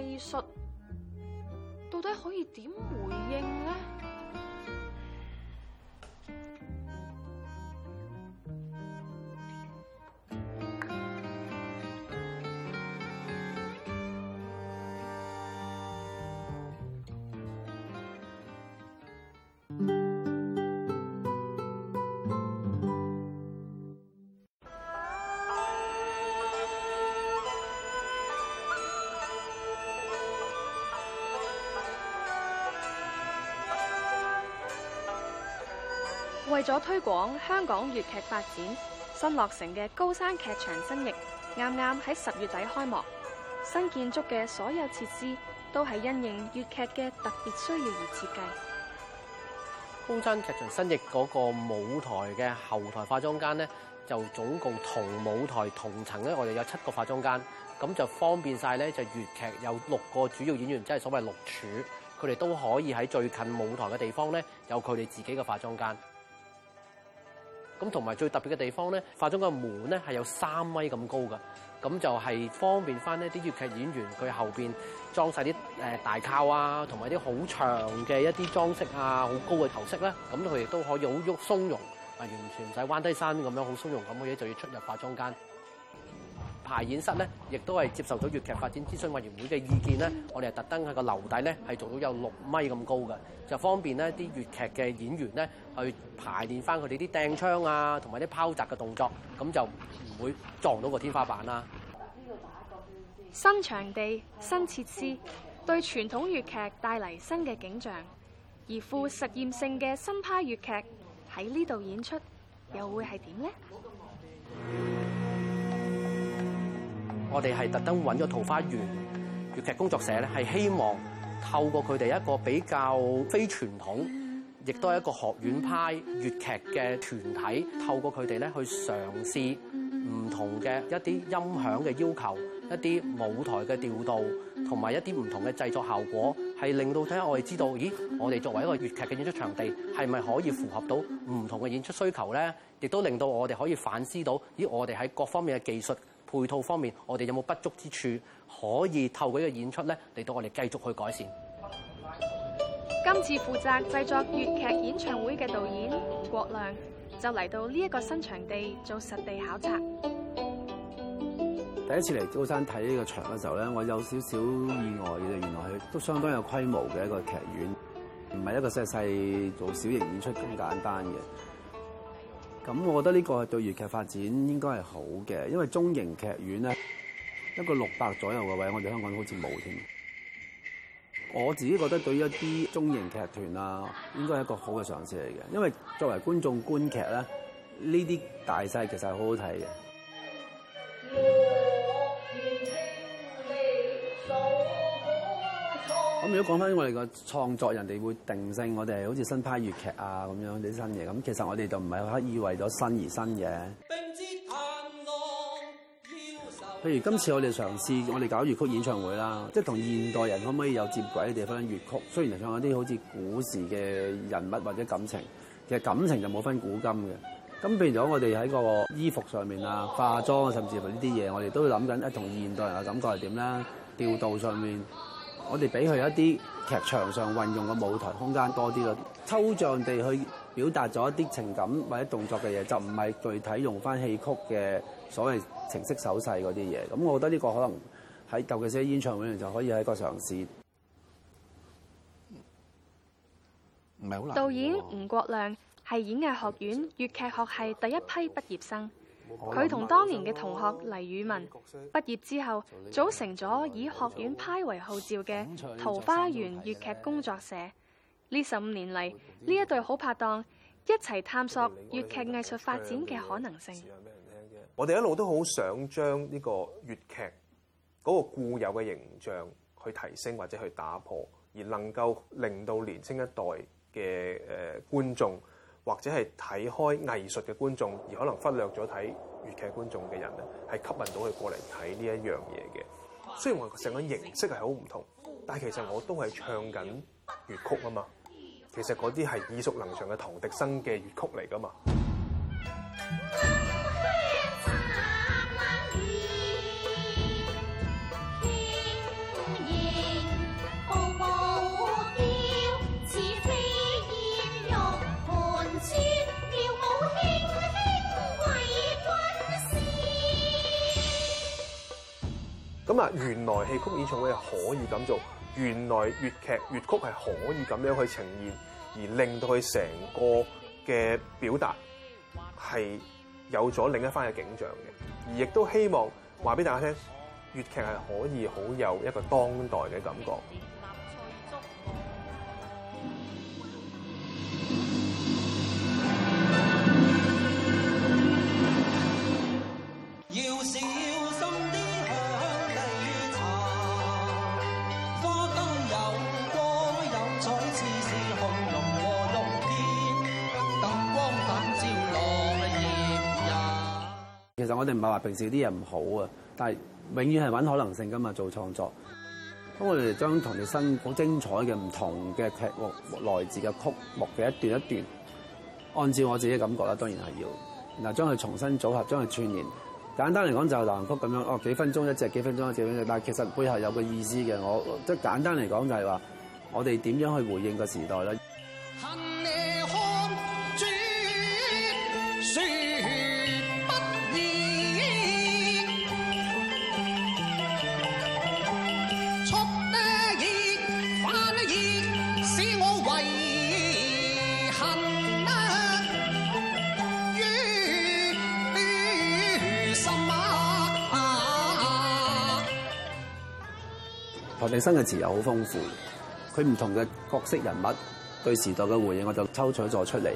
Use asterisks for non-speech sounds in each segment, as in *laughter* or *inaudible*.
藝術到底可以點回？為咗推廣香港粵劇發展，新落成嘅高山劇場新翼啱啱喺十月底開幕。新建築嘅所有設施都係因應粵劇嘅特別需要而設計。高山劇場新翼嗰個舞台嘅後台化妝間呢，就總共同舞台同層呢，我哋有七個化妝間，咁就方便晒。呢就粵劇有六個主要演員，即係所謂六柱，佢哋都可以喺最近舞台嘅地方呢，有佢哋自己嘅化妝間。咁同埋最特別嘅地方咧，化妝間嘅門咧係有三米咁高㗎。咁就係方便返呢啲粵劇演員佢後面裝晒啲大靠啊，同埋啲好長嘅一啲裝飾啊，好高嘅頭飾呢。咁佢亦都可以好喐鬆容啊，完全唔使彎低身咁樣，好鬆容咁嘅嘢就要出入化妝間。排演室咧，亦都係接受咗粵劇發展諮詢委員會嘅意見咧，我哋係特登喺個樓底咧係做到有六米咁高嘅，就方便呢啲粵劇嘅演員咧去排練翻佢哋啲掟槍啊，同埋啲拋擲嘅動作，咁就唔會撞到個天花板啦。新場地、新設施，對傳統粵劇帶嚟新嘅景象，而富實驗性嘅新派粵劇喺呢度演出，又會係點呢？我哋係特登揾咗桃花源粵劇工作舍咧，係希望透過佢哋一個比較非傳統，亦都係一個學院派粵劇嘅團體，透過佢哋咧去嘗試唔同嘅一啲音響嘅要求，一啲舞台嘅調度，同埋一啲唔同嘅製作效果，係令到睇下我哋知道，咦？我哋作為一個粵劇嘅演出場地，係咪可以符合到唔同嘅演出需求咧？亦都令到我哋可以反思到，咦？我哋喺各方面嘅技術。配套方面，我哋有冇不足之處，可以透過呢個演出咧，嚟到我哋繼續去改善。今次負責製作粵劇演唱會嘅導演吳國亮就嚟到呢一個新場地做實地考察。第一次嚟高山睇呢個場嘅時候咧，我有少少意外嘅，原來佢都相當有規模嘅一個劇院，唔係一個細細做小型演出咁簡單嘅。咁我覺得呢個對粵劇發展應該係好嘅，因為中型劇院咧一個六百左右嘅位，我哋香港好似冇添。我自己覺得對於一啲中型劇團啊，應該係一個好嘅嘗試嚟嘅，因為作為觀眾觀劇咧，呢啲大細其實係好好睇嘅。咁如果講翻我哋個創作，人哋會定性我哋好似新派粵劇啊咁樣啲新嘢，咁其實我哋就唔係刻意為咗新而新嘢。譬如今次我哋嘗試，我哋搞粵曲演唱會啦，即係同現代人可唔可以有接軌嘅地方？粵曲雖然係唱嗰啲好似古時嘅人物或者感情，其實感情就冇分古今嘅。咁變咗我哋喺個衣服上面啊、化妝啊，甚至乎呢啲嘢，我哋都會諗緊一同現代人嘅感覺係點啦。調度上面。我哋俾佢一啲劇場上運用嘅舞台空間多啲咯，抽象地去表達咗一啲情感或者動作嘅嘢，就唔係具體用翻戲曲嘅所謂程式手勢嗰啲嘢。咁我覺得呢個可能喺，尤其是喺演唱會入面就可以喺個嘗試，唔係好難。導演吳國亮係演藝學院粵劇學系第一批畢業生。佢同當年嘅同學黎宇文畢業之後，組成咗以學院派為號召嘅桃花源粵劇工作社。呢十五年嚟，呢一對好拍檔一齊探索粵劇藝術發展嘅可能性。我哋一路都好想將呢個粵劇嗰個固有嘅形象去提升或者去打破，而能夠令到年輕一代嘅誒觀眾。或者係睇開藝術嘅觀眾，而可能忽略咗睇粵劇觀眾嘅人咧，係吸引到佢過嚟睇呢一樣嘢嘅。雖然我成個形式係好唔同，但係其實我都係唱緊粵曲啊嘛。其實嗰啲係耳熟能詳嘅唐滌生嘅粵曲嚟㗎嘛。 *music* 咁啊！原來戲曲演唱會係可以咁做，原來粵劇粵曲係可以咁樣去呈現，而令到佢成個嘅表達係有咗另一番嘅景象嘅，而亦都希望話俾大家聽粵劇係可以好有一個當代嘅感覺，覺。 *music* 我哋唔係話平時啲嘢唔好啊，但係永遠係揾可能性㗎嘛，做創作。咁我哋將唐滌生好精彩嘅唔同嘅劇目來自嘅曲目嘅一段一段，按照我自己嘅感覺啦，當然係要，然後將佢重新組合，將佢串聯。簡單嚟講就係流行曲咁樣，哦，幾分鐘一隻，幾分鐘一隻，但係其實背後有個意思嘅，我即係簡單嚟講就係話，我哋點樣去回應個時代咧？李生嘅詞又好豐富，佢唔同嘅角色人物對時代嘅回應，我就抽取咗出嚟，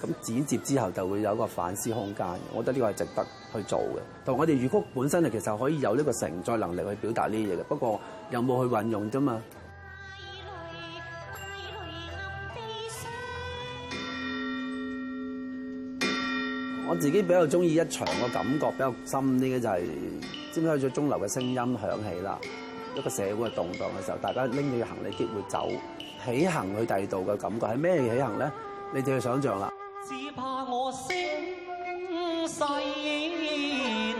咁剪接之後就會有一個反思空間。我覺得呢個係值得去做嘅。同我哋粵曲本身，其實可以有呢個承載能力去表達呢啲嘢嘅，不過又沒有冇去運用啫嘛。我自己比較中意一場嘅感覺比較深啲嘅，就係先開始鐘樓嘅聲音響起啦。一個社會嘅動盪嘅時候，大家拎起個行李機會走起行去第二度嘅感覺，係咩嘢起行咧？你就要想像啦。只怕我聲世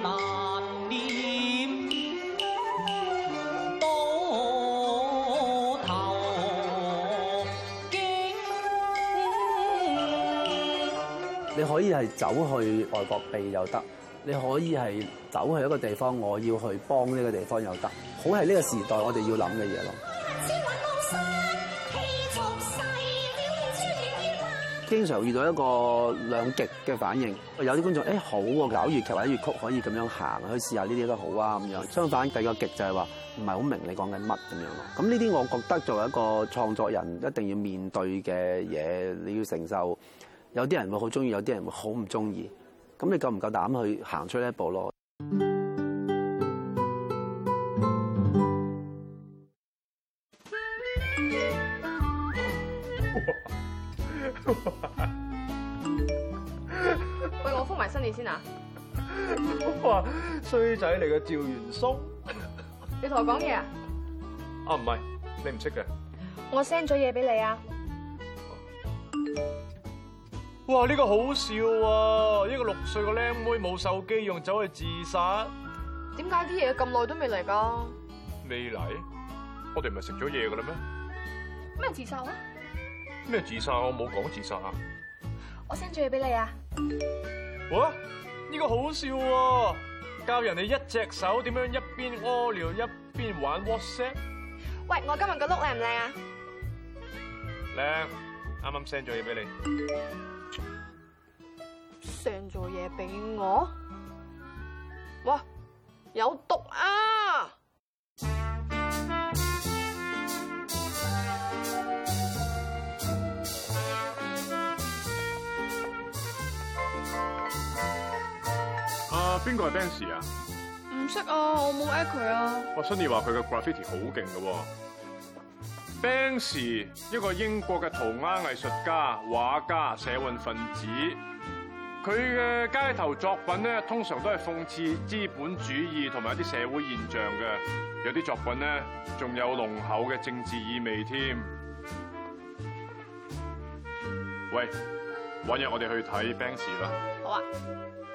難念到頭驚你，你可以係走去外國避又得，你可以係走去一個地方，我要去幫呢個地方又得。好，係呢個時代我哋要諗嘅嘢咯。經常遇到一個兩極嘅反應，有啲觀眾誒、欸、好喎、啊，搞粵劇或者粵曲可以咁樣行，去試下呢啲都好啊咁樣。相反第二個極就係話唔係好明你講緊乜咁樣咯。咁呢啲我覺得作為一個創作人一定要面對嘅嘢，你要承受有啲人會好鍾意，有啲人會好唔鍾意。咁你夠唔夠膽去行出呢一步咯？喂，我覆埋新年先身你你我話啊！哇，衰仔嚟嘅趙元松，你同我講嘢啊？啊，唔係，你唔識嘅。我 send 咗嘢俾你啊！哇，呢個好笑啊！一個六歲嘅靚妹冇手機，用走去自殺？點解啲嘢咁耐都未嚟噶？未嚟？我哋唔係食咗嘢噶啦咩？咩自殺啊？咩自殺？我冇講自殺啊！我 send 咗嘢俾你啊！哇，呢個好笑喎！教人哋一隻手點樣一邊屙尿一邊玩 WhatsApp？喂，我今日個 look 靚唔靚啊？靚，啱啱 send 咗嘢俾你。send 咗嘢俾我？哇，有毒！邊個係 Banksy 啊？唔識啊，我冇 at 佢啊。我聽你話佢嘅 graffiti 好勁噶。哦，Banksy 一個英國嘅塗鴉藝術家、畫家、社運分子。佢嘅街頭作品咧，通常都係諷刺資本主義同埋一啲社會現象嘅，有啲作品咧仲有濃厚嘅政治意味添。喂，揾日我哋去睇 Banksy 啦。好啊。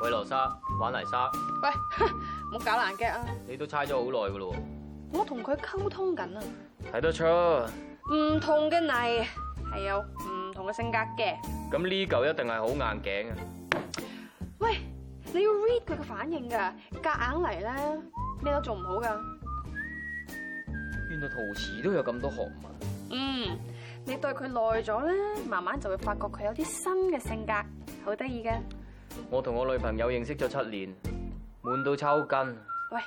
喂，羅莎，玩泥沙。喂，唔好搞爛 gag 啊！你都猜咗好耐噶咯？我同佢溝通緊啊！睇得出，唔同嘅泥係有唔同嘅性格嘅。咁呢嚿一定係好硬頸啊！喂，你要 read 佢嘅反應噶，夾硬嚟，咧咩都做唔好噶。原來陶瓷都有咁多學問。嗯，你對佢耐咗咧，慢慢就會發覺佢有啲新嘅性格，好得意噶。我同我女朋友認識咗七年，悶到抽筋。喂，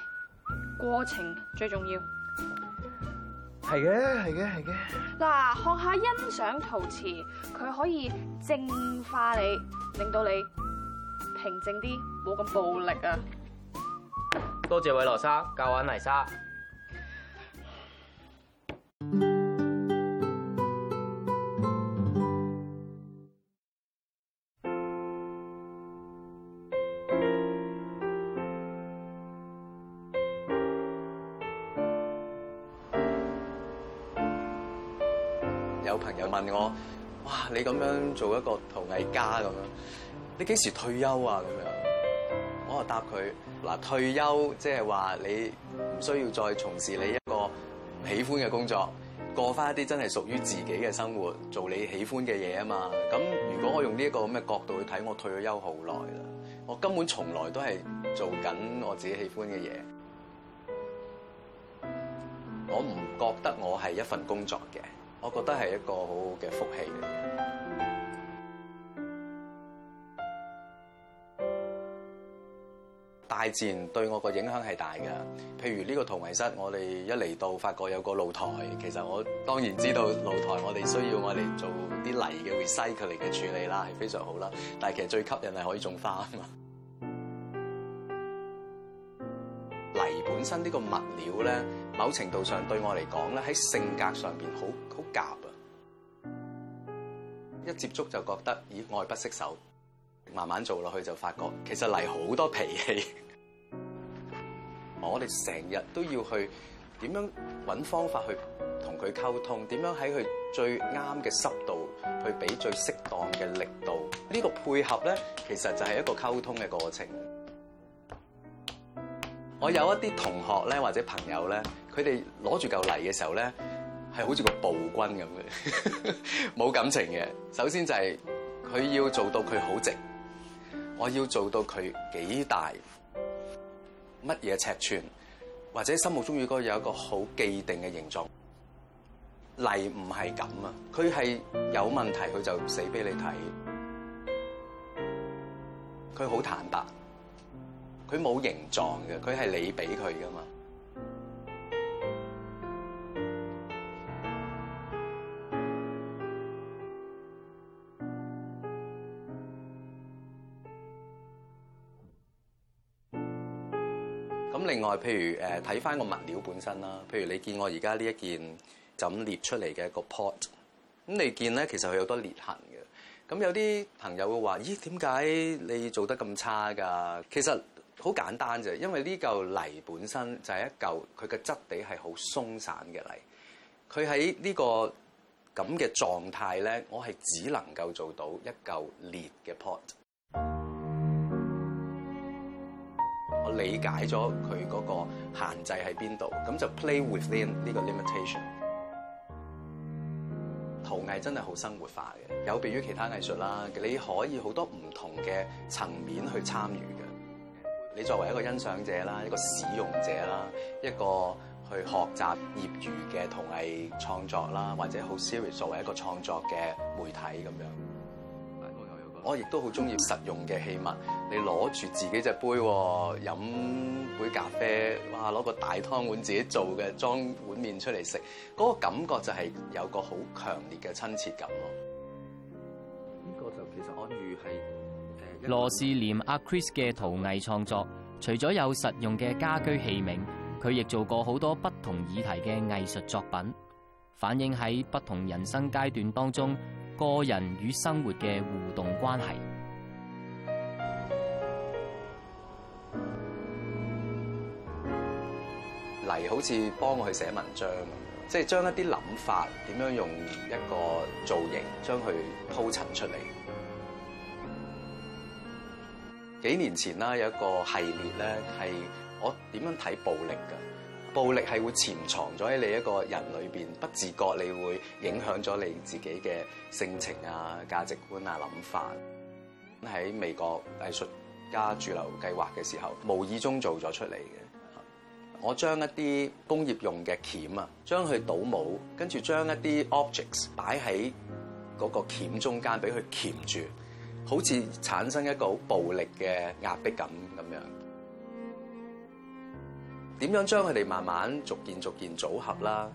過程最重要。係嘅，係嘅，係嘅。嗱，學下欣賞陶瓷，佢可以淨化你，令到你平靜啲，冇咁暴力啊！多謝偉羅生，教玩泥沙。我哇！你咁樣做一個陶藝家咁樣，你幾時退休啊？咁樣，我話答佢嗱，退休，即係話你唔需要再從事你一個唔喜歡嘅工作，過翻一啲真係屬於自己嘅生活，做你喜歡嘅嘢啊嘛。咁如果我用呢一個咁嘅角度去睇，我退咗休好耐啦，我根本從來都係做緊我自己喜歡嘅嘢，我唔覺得我係一份工作嘅。我覺得係一個好好嘅福氣嚟嘅。大自然對我個影響係大嘅，譬如呢個陶藝室，我哋一嚟到發覺有個露台，其實我當然知道露台我哋需要我哋做啲泥嘅 recycle 嚟嘅處理啦，係非常好啦。但係其實最吸引係可以種花啊嘛。泥本身呢個物料咧，某程度上對我嚟講咧，喺性格上邊好。夾啊！一接觸就覺得，咦，愛不釋手。慢慢做落去就發覺，其實泥好多脾氣。 *laughs* 我哋成日都要去點樣搵方法去同佢溝通，點樣喺佢最啱嘅濕度去俾最適當嘅力度。呢、這個配合咧，其實就係一個溝通嘅過程。我有一啲同學咧，或者朋友咧，佢哋攞住嚿泥嘅時候咧。係好似個暴君咁嘅，冇感情嘅。首先就係、是、佢要做到佢好直，我要做到佢幾大，乜嘢尺寸，或者心目中如果有一個好既定嘅形狀，例唔係咁啊！佢係有問題，佢就死俾你睇。佢好坦白，佢冇形狀嘅，佢係你俾佢㗎嘛。譬如誒睇翻個物料本身啦，譬如你見我而家呢一件就咁裂出嚟嘅一個 pot，咁你見咧其實佢好多裂痕嘅，咁有啲朋友會話：咦，點解你做得咁差㗎？其實好簡單啫，因為呢嚿泥本身就係一嚿，佢嘅質地係好鬆散嘅泥，佢喺呢個咁嘅狀態咧，我係只能夠做到一嚿裂嘅 pot。理解咗佢嗰個限制喺邊度，咁就 play within 呢個 limitation。陶藝真係好生活化嘅，有別於其他藝術啦，你可以好多唔同嘅層面去參與嘅。你作為一個欣賞者啦，一個使用者啦，一個去學習業餘嘅陶藝創作啦，或者好 serious 作為一個創作嘅媒體，咁樣、okay, okay , okay. 我亦都好中意實用嘅器物。你攞住自己隻杯，飲杯咖啡，哇！攞個大湯碗自己做嘅裝碗麵出嚟食，嗰個感覺就係有個好強烈嘅親切感咯。呢個就其實安宇係羅士廉阿 Chris 嘅陶藝創作，除咗有實用嘅家居器皿，佢亦做過好多不同議題嘅藝術作品，反映喺不同人生階段當中個人與生活嘅互動關係。係好似幫我去寫文章，噉，即係將一啲諗法點樣用一個造型將佢鋪陳出嚟。幾年前啦，有一個系列咧係我點樣睇暴力嘅，暴力係會潛藏咗喺你一個人裏邊，不自覺你會影響咗你自己嘅性情啊、價值觀啊、諗法。喺美國藝術家駐留計劃嘅時候，無意中做咗出嚟嘅。我將一啲工業用嘅鉗啊，將佢倒冇，跟住將一啲 objects 擺喺嗰個鉗中間，俾佢鉗住，好似產生一個好暴力嘅壓迫感咁樣。點樣將佢哋慢慢逐件逐件組合啦，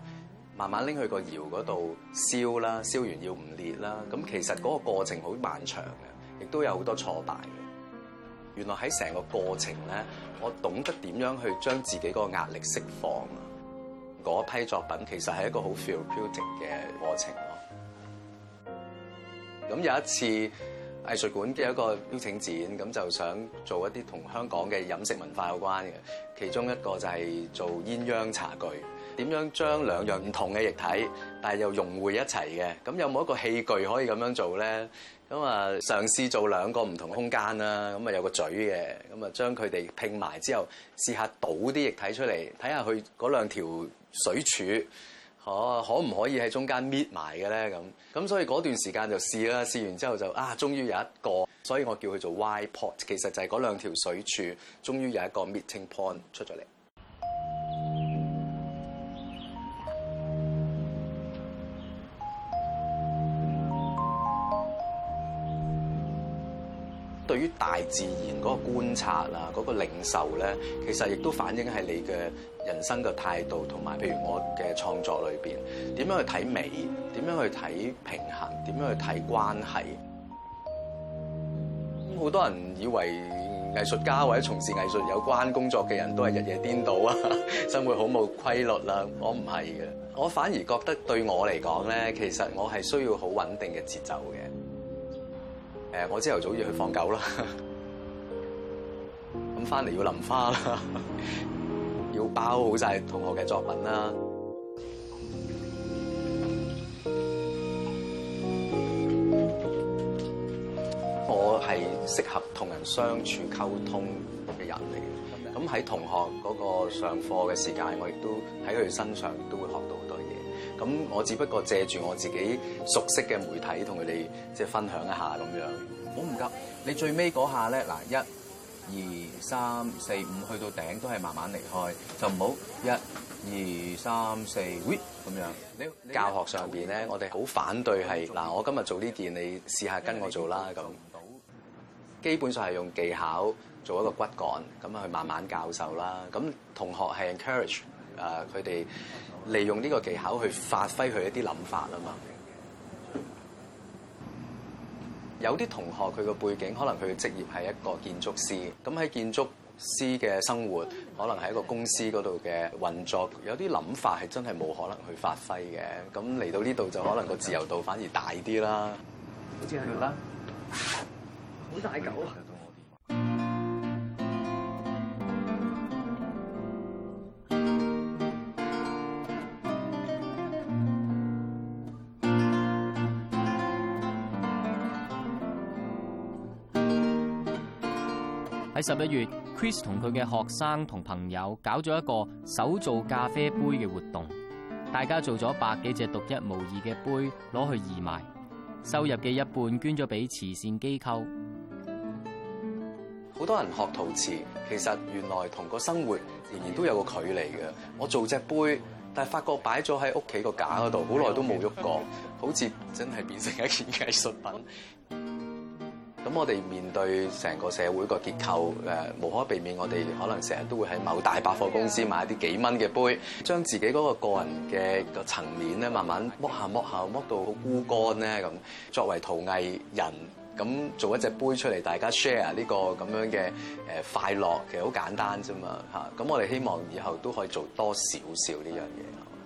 慢慢拎去個窯嗰度燒啦，燒完要唔裂啦。咁其實嗰個過程好漫長嘅，亦都有好多挫敗。原來喺成個過程咧，我懂得點樣去將自己嗰個壓力釋放啊！嗰批作品其實係一個好 feel good 嘅過程咯。咁有一次藝術館嘅一個邀請展，咁就想做一啲同香港嘅飲食文化有關嘅，其中一個就係做鴛鴦茶具。點樣將兩樣唔同嘅液體，但又融匯一齊嘅？咁有冇一個器具可以咁樣做咧？咁啊，嘗試做兩個唔同空間啦。咁啊，有個嘴嘅，咁啊，將佢哋拼埋之後，試下倒啲液體出嚟，睇下佢嗰兩條水柱，啊、可可唔可以喺中間搣埋嘅咧？咁咁，所以嗰段時間就試啦。試完之後就啊，終於有一個，所以我叫佢做 Y Port，其實就係嗰兩條水柱，終於有一個 meeting point 出咗嚟。大自然個觀察啊，嗰個領受咧，其實亦都反映係你嘅人生嘅態度，同埋譬如我嘅創作裏邊點樣去睇美，點樣去睇平衡，點樣去睇關係。好多人以為藝術家或者從事藝術有關工作嘅人都係日夜顛倒啊，生活好冇規律啦。我唔係嘅，我反而覺得對我嚟講咧，其實我係需要好穩定嘅節奏嘅。誒，我朝頭早要去放狗啦，咁翻嚟要淋花啦， *laughs* 要包好晒同學嘅作品啦。我係適合同人相處溝通嘅人嚟嘅，咁喺同學嗰個上課嘅時間，我亦都喺佢哋身上都會學到。咁我只不過借住我自己熟悉嘅媒體同佢哋即係分享一下咁樣。唔好唔急，你最尾嗰下咧，嗱，一、二、三、四、五，去到頂都係慢慢離開，就唔好一、二、三、四，咁樣。你教學上邊咧，我哋好反對係嗱，我今日做呢件，你試下跟我做啦咁。做唔到。基本上係用技巧做一個骨幹，咁啊去慢慢教授啦。咁同學係 encourage 誒佢哋。利用呢個技巧去發揮佢一啲諗法啊嘛，有啲同學佢個背景可能佢職業係一個建築師，咁喺建築師嘅生活，可能喺一個公司嗰度嘅運作，有啲諗法係真係冇可能去發揮嘅，咁嚟到呢度就可能個自由度反而大啲啦。好似係啦，好大嚿啊！喺十一月，Chris 同佢嘅學生同朋友搞咗一個手做咖啡杯嘅活動，大家做咗百幾隻獨一無二嘅杯，攞去義賣，收入嘅一半捐咗俾慈善機構。好多人學陶瓷，其實原來同個生活仍然都有個距離嘅。我做隻杯，但係發覺擺咗喺屋企個架嗰度，好耐都冇喐過，好似真係變成一件藝術品。咁我哋面對成個社會個結構，誒無可避免。我哋可能成日都會喺某大百貨公司買一啲幾蚊嘅杯，將自己嗰個個人嘅個層面咧，慢慢剝下剝下剝到好孤乾咧咁。作為陶藝人，咁做一隻杯出嚟，大家 share 呢個咁樣嘅誒快樂其實好簡單啫嘛吓，咁我哋希望以後都可以做多少少呢樣嘢。